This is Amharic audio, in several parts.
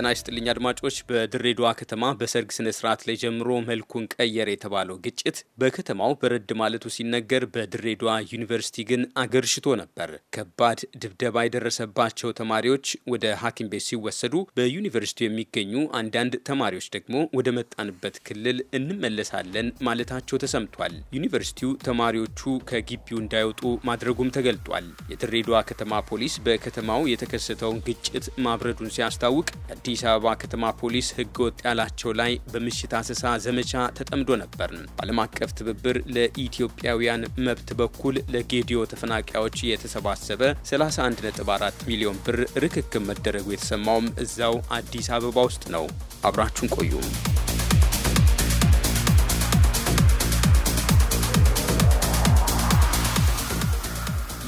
ጤና ይስጥልኝ አድማጮች። በድሬዳዋ ከተማ በሰርግ ስነ ስርዓት ላይ ጀምሮ መልኩን ቀየር የተባለው ግጭት በከተማው በረድ ማለቱ ሲነገር፣ በድሬዳዋ ዩኒቨርሲቲ ግን አገርሽቶ ነበር። ከባድ ድብደባ የደረሰባቸው ተማሪዎች ወደ ሐኪም ቤት ሲወሰዱ፣ በዩኒቨርሲቲ የሚገኙ አንዳንድ ተማሪዎች ደግሞ ወደ መጣንበት ክልል እንመለሳለን ማለታቸው ተሰምቷል። ዩኒቨርሲቲው ተማሪዎቹ ከግቢው እንዳይወጡ ማድረጉም ተገልጧል። የድሬዳዋ ከተማ ፖሊስ በከተማው የተከሰተውን ግጭት ማብረዱን ሲያስታውቅ የአዲስ አበባ ከተማ ፖሊስ ህገወጥ ያላቸው ላይ በምሽት አሰሳ ዘመቻ ተጠምዶ ነበር። በዓለም አቀፍ ትብብር ለኢትዮጵያውያን መብት በኩል ለጌዲዮ ተፈናቃዮች የተሰባሰበ 31.4 ሚሊዮን ብር ርክክብ መደረጉ የተሰማውም እዛው አዲስ አበባ ውስጥ ነው። አብራችሁን ቆዩ።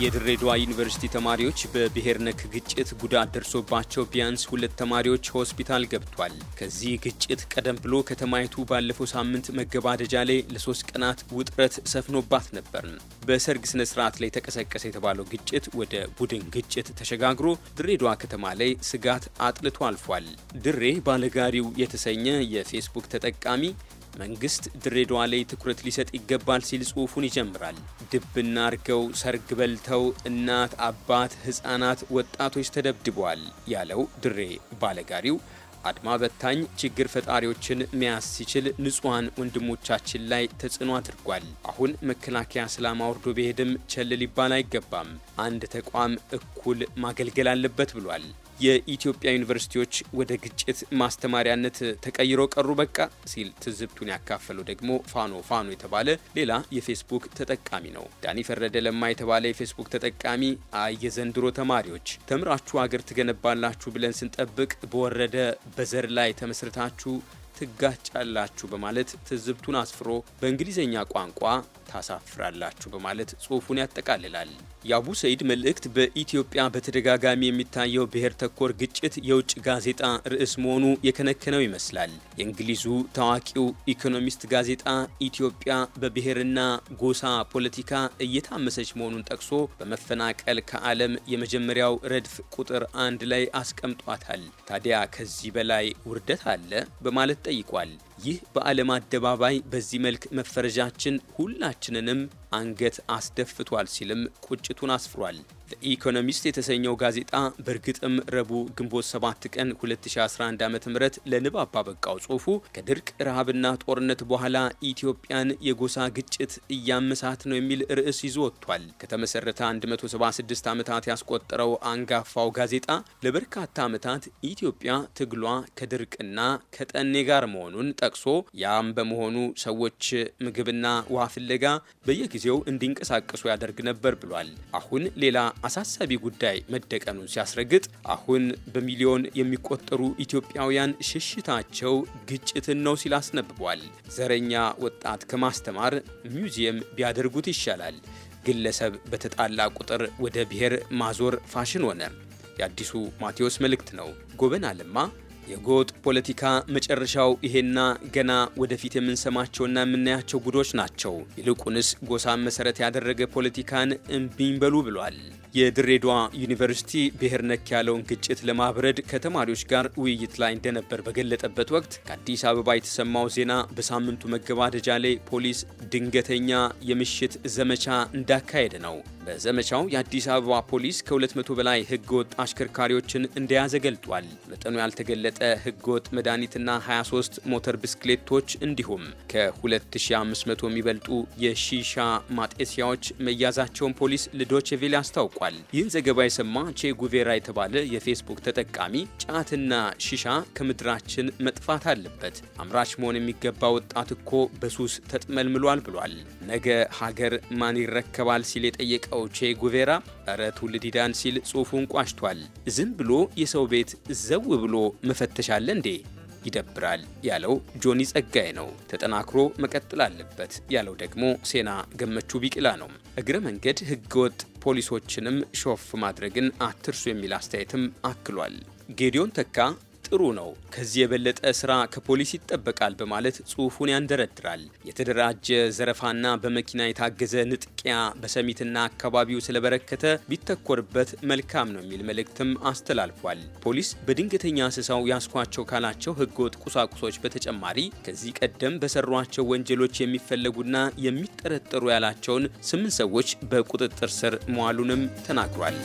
የድሬዳዋ ዩኒቨርሲቲ ተማሪዎች በብሔር ነክ ግጭት ጉዳት ደርሶባቸው ቢያንስ ሁለት ተማሪዎች ሆስፒታል ገብቷል። ከዚህ ግጭት ቀደም ብሎ ከተማይቱ ባለፈው ሳምንት መገባደጃ ላይ ለሶስት ቀናት ውጥረት ሰፍኖባት ነበር። በሰርግ ስነ ስርዓት ላይ ተቀሰቀሰ የተባለው ግጭት ወደ ቡድን ግጭት ተሸጋግሮ ድሬዳዋ ከተማ ላይ ስጋት አጥልቶ አልፏል። ድሬ ባለጋሪው የተሰኘ የፌስቡክ ተጠቃሚ መንግስት ድሬዳዋ ላይ ትኩረት ሊሰጥ ይገባል ሲል ጽሑፉን ይጀምራል። ድብና አርገው ሰርግ በልተው እናት፣ አባት፣ ህፃናት ወጣቶች ተደብድበዋል ያለው ድሬ ባለጋሪው አድማ በታኝ ችግር ፈጣሪዎችን መያዝ ሲችል ንጹሐን ወንድሞቻችን ላይ ተጽዕኖ አድርጓል። አሁን መከላከያ ሰላም አውርዶ ቢሄድም ቸል ሊባል አይገባም። አንድ ተቋም እኩል ማገልገል አለበት ብሏል። የኢትዮጵያ ዩኒቨርሲቲዎች ወደ ግጭት ማስተማሪያነት ተቀይረው ቀሩ በቃ ሲል ትዝብቱን ያካፈለው ደግሞ ፋኖ ፋኖ የተባለ ሌላ የፌስቡክ ተጠቃሚ ነው። ዳኒ ፈረደ ለማ የተባለ የፌስቡክ ተጠቃሚ አየ ዘንድሮ ተማሪዎች ተምራችሁ አገር ትገነባላችሁ ብለን ስንጠብቅ በወረደ በዘር ላይ ተመስርታችሁ ትጋጫላችሁ በማለት ትዝብቱን አስፍሮ በእንግሊዝኛ ቋንቋ ታሳፍራላችሁ በማለት ጽሑፉን ያጠቃልላል። የአቡ ሰይድ መልእክት በኢትዮጵያ በተደጋጋሚ የሚታየው ብሔር ተኮር ግጭት የውጭ ጋዜጣ ርዕስ መሆኑ የከነከነው ይመስላል። የእንግሊዙ ታዋቂው ኢኮኖሚስት ጋዜጣ ኢትዮጵያ በብሔርና ጎሳ ፖለቲካ እየታመሰች መሆኑን ጠቅሶ በመፈናቀል ከዓለም የመጀመሪያው ረድፍ ቁጥር አንድ ላይ አስቀምጧታል። ታዲያ ከዚህ በላይ ውርደት አለ በማለት igual ይህ በዓለም አደባባይ በዚህ መልክ መፈረጃችን ሁላችንንም አንገት አስደፍቷል ሲልም ቁጭቱን አስፍሯል። ኢኮኖሚስት የተሰኘው ጋዜጣ በእርግጥም ረቡዕ ግንቦት 7 ቀን 2011 ዓ ም ለንባብ ባበቃው ጽሑፉ ከድርቅ ረሃብና ጦርነት በኋላ ኢትዮጵያን የጎሳ ግጭት እያመሳት ነው የሚል ርዕስ ይዞ ወጥቷል። ከተመሠረተ 176 ዓመታት ያስቆጠረው አንጋፋው ጋዜጣ ለበርካታ ዓመታት ኢትዮጵያ ትግሏ ከድርቅና ከጠኔ ጋር መሆኑን ጠቅሶ ያም በመሆኑ ሰዎች ምግብና ውሃ ፍለጋ በየጊዜው እንዲንቀሳቀሱ ያደርግ ነበር ብሏል። አሁን ሌላ አሳሳቢ ጉዳይ መደቀኑን ሲያስረግጥ አሁን በሚሊዮን የሚቆጠሩ ኢትዮጵያውያን ሽሽታቸው ግጭትን ነው ሲል አስነብቧል። ዘረኛ ወጣት ከማስተማር ሚውዚየም ቢያደርጉት ይሻላል። ግለሰብ በተጣላ ቁጥር ወደ ብሔር ማዞር ፋሽን ሆነ። የአዲሱ ማቴዎስ መልእክት ነው። ጎበና ለማ የጎጥ ፖለቲካ መጨረሻው ይሄና ገና ወደፊት የምንሰማቸውና የምናያቸው ጉዶች ናቸው። ይልቁንስ ጎሳን መሰረት ያደረገ ፖለቲካን እምቢኝ በሉ ብሏል። የድሬዳዋ ዩኒቨርሲቲ ብሔር ነክ ያለውን ግጭት ለማብረድ ከተማሪዎች ጋር ውይይት ላይ እንደነበር በገለጠበት ወቅት ከአዲስ አበባ የተሰማው ዜና በሳምንቱ መገባደጃ ላይ ፖሊስ ድንገተኛ የምሽት ዘመቻ እንዳካሄደ ነው። በዘመቻው የአዲስ አበባ ፖሊስ ከ200 በላይ ህገወጥ አሽከርካሪዎችን እንደያዘ ገልጧል። መጠኑ ያልተገለጠ ህገወጥ መድኃኒትና 23 ሞተር ብስክሌቶች እንዲሁም ከ2500 የሚበልጡ የሺሻ ማጤስያዎች መያዛቸውን ፖሊስ ለዶቼ ቬለ አስታውቋል። ታውቋል። ይህን ዘገባ የሰማ ቼ ጉቬራ የተባለ የፌስቡክ ተጠቃሚ ጫትና ሺሻ ከምድራችን መጥፋት አለበት፣ አምራች መሆን የሚገባ ወጣት እኮ በሱስ ተጥመልምሏል ብሏል። ነገ ሀገር ማን ይረከባል ሲል የጠየቀው ቼ ጉቬራ እረ ትውልድ ይዳን ሲል ጽሑፉን ቋጭቷል። ዝም ብሎ የሰው ቤት ዘው ብሎ መፈተሻለ እንዴ? ይደብራል ያለው ጆኒ ጸጋዬ ነው። ተጠናክሮ መቀጠል አለበት ያለው ደግሞ ሴና ገመቹ ቢቅላ ነው። እግረ መንገድ ህገወጥ ፖሊሶችንም ሾፍ ማድረግን አትርሱ የሚል አስተያየትም አክሏል። ጌዲዮን ተካ ጥሩ ነው፣ ከዚህ የበለጠ ስራ ከፖሊስ ይጠበቃል በማለት ጽሑፉን ያንደረድራል። የተደራጀ ዘረፋና በመኪና የታገዘ ንጥቂያ በሰሚትና አካባቢው ስለበረከተ ቢተኮርበት መልካም ነው የሚል መልእክትም አስተላልፏል። ፖሊስ በድንገተኛ ስሳው ያስኳቸው ካላቸው ህገወጥ ቁሳቁሶች በተጨማሪ ከዚህ ቀደም በሰሯቸው ወንጀሎች የሚፈለጉና የሚጠረጠሩ ያላቸውን ስምንት ሰዎች በቁጥጥር ስር መዋሉንም ተናግሯል።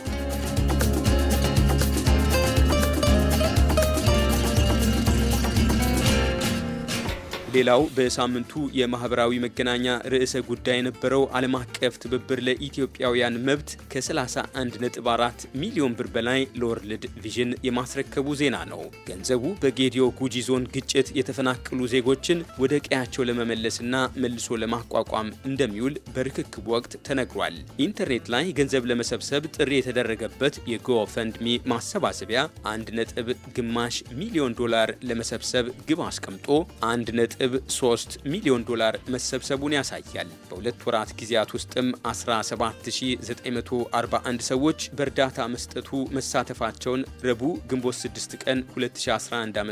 ሌላው በሳምንቱ የማህበራዊ መገናኛ ርዕሰ ጉዳይ የነበረው ዓለም አቀፍ ትብብር ለኢትዮጵያውያን መብት ከ31.4 ሚሊዮን ብር በላይ ለወርልድ ቪዥን የማስረከቡ ዜና ነው። ገንዘቡ በጌዲዮ ጉጂ ዞን ግጭት የተፈናቀሉ ዜጎችን ወደ ቀያቸው ለመመለስና መልሶ ለማቋቋም እንደሚውል በርክክቡ ወቅት ተነግሯል። ኢንተርኔት ላይ ገንዘብ ለመሰብሰብ ጥሪ የተደረገበት የጎፈንድሚ ማሰባሰቢያ አንድ ነጥብ ግማሽ ሚሊዮን ዶላር ለመሰብሰብ ግብ አስቀምጦ አንድ ነጥብ ነጥብ 3 ሚሊዮን ዶላር መሰብሰቡን ያሳያል። በሁለት ወራት ጊዜያት ውስጥም 17941 ሰዎች በእርዳታ መስጠቱ መሳተፋቸውን ረቡዕ ግንቦት 6 ቀን 2011 ዓ ም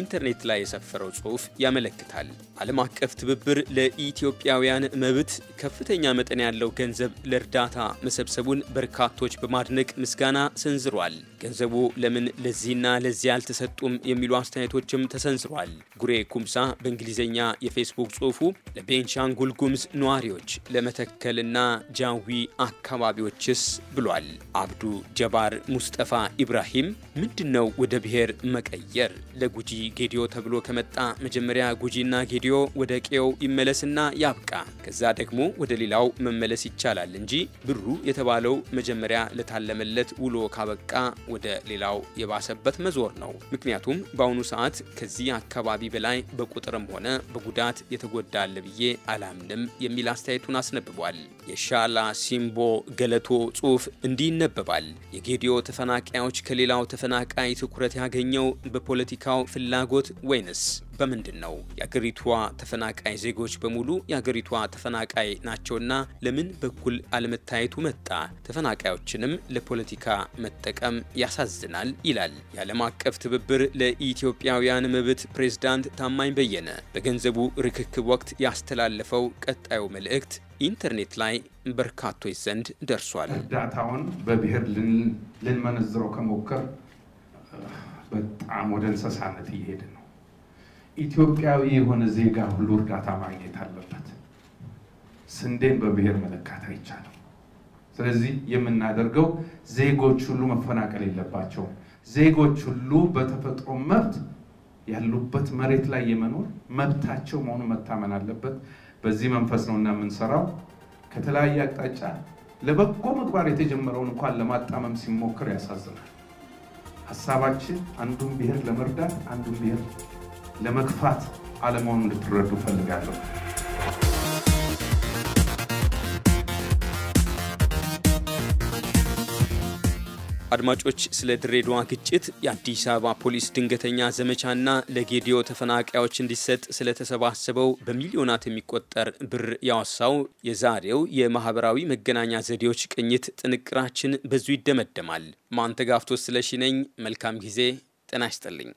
ኢንተርኔት ላይ የሰፈረው ጽሑፍ ያመለክታል። ዓለም አቀፍ ትብብር ለኢትዮጵያውያን መብት ከፍተኛ መጠን ያለው ገንዘብ ለእርዳታ መሰብሰቡን በርካቶች በማድነቅ ምስጋና ሰንዝሯል። ገንዘቡ ለምን ለዚህና ለዚያ አልተሰጡም የሚሉ አስተያየቶችም ተሰንዝሯል። ጉሬ ኩምሳ በእንግሊዝኛ የፌስቡክ ጽሑፉ ለቤንሻንጉል ጉምዝ ነዋሪዎች ለመተከልና ጃዊ አካባቢዎችስ ብሏል። አብዱ ጀባር ሙስጠፋ ኢብራሂም ምንድን ነው ወደ ብሔር መቀየር? ለጉጂ ጌዲዮ ተብሎ ከመጣ መጀመሪያ ጉጂና ጌዲዮ ወደ ቄው ይመለስና ያብቃ። ከዛ ደግሞ ወደ ሌላው መመለስ ይቻላል እንጂ ብሩ የተባለው መጀመሪያ ለታለመለት ውሎ ካበቃ ወደ ሌላው የባሰበት መዞር ነው። ምክንያቱም በአሁኑ ሰዓት ከዚህ አካባቢ በላይ በቁጥር በመቁሰልም ሆነ በጉዳት የተጎዳለ ብዬ አላምንም የሚል አስተያየቱን አስነብቧል። የሻላ ሲምቦ ገለቶ ጽሑፍ እንዲህ ይነበባል። የጌዲዮ ተፈናቃዮች ከሌላው ተፈናቃይ ትኩረት ያገኘው በፖለቲካው ፍላጎት ወይንስ በምንድን ነው? የአገሪቷ ተፈናቃይ ዜጎች በሙሉ የአገሪቷ ተፈናቃይ ናቸውና ለምን በኩል አለመታየቱ መጣ? ተፈናቃዮችንም ለፖለቲካ መጠቀም ያሳዝናል ይላል የዓለም አቀፍ ትብብር ለኢትዮጵያውያን መብት ፕሬዝዳንት ታማኝ በየነ በገንዘቡ ርክክብ ወቅት ያስተላለፈው ቀጣዩ መልእክት ኢንተርኔት ላይ በርካቶች ዘንድ ደርሷል። እርዳታውን በብሔር ልንመነዝረው ከሞከር በጣም ወደ እንስሳነት እየሄደ ነው። ኢትዮጵያዊ የሆነ ዜጋ ሁሉ እርዳታ ማግኘት አለበት። ስንዴን በብሔር መለካት አይቻልም። ስለዚህ የምናደርገው ዜጎች ሁሉ መፈናቀል የለባቸውም። ዜጎች ሁሉ በተፈጥሮ መብት ያሉበት መሬት ላይ የመኖር መብታቸው መሆኑን መታመን አለበት። በዚህ መንፈስ ነው እና የምንሰራው ከተለያየ አቅጣጫ ለበጎ ምግባር የተጀመረውን እንኳን ለማጣመም ሲሞክር ያሳዝናል። ሀሳባችን አንዱን ብሔር ለመርዳት አንዱን ብሔር ለመግፋት አለመሆኑ እንድትረዱ ፈልጋለሁ። አድማጮች ስለ ድሬዳዋ ግጭት፣ የአዲስ አበባ ፖሊስ ድንገተኛ ዘመቻና ለጌዲዮ ተፈናቃዮች እንዲሰጥ ስለተሰባሰበው በሚሊዮናት የሚቆጠር ብር ያወሳው የዛሬው የማህበራዊ መገናኛ ዘዴዎች ቅኝት ጥንቅራችን በዙ ይደመደማል። ማንተጋፍቶ ስለሺ ነኝ። መልካም ጊዜ። ጤና ይስጥልኝ።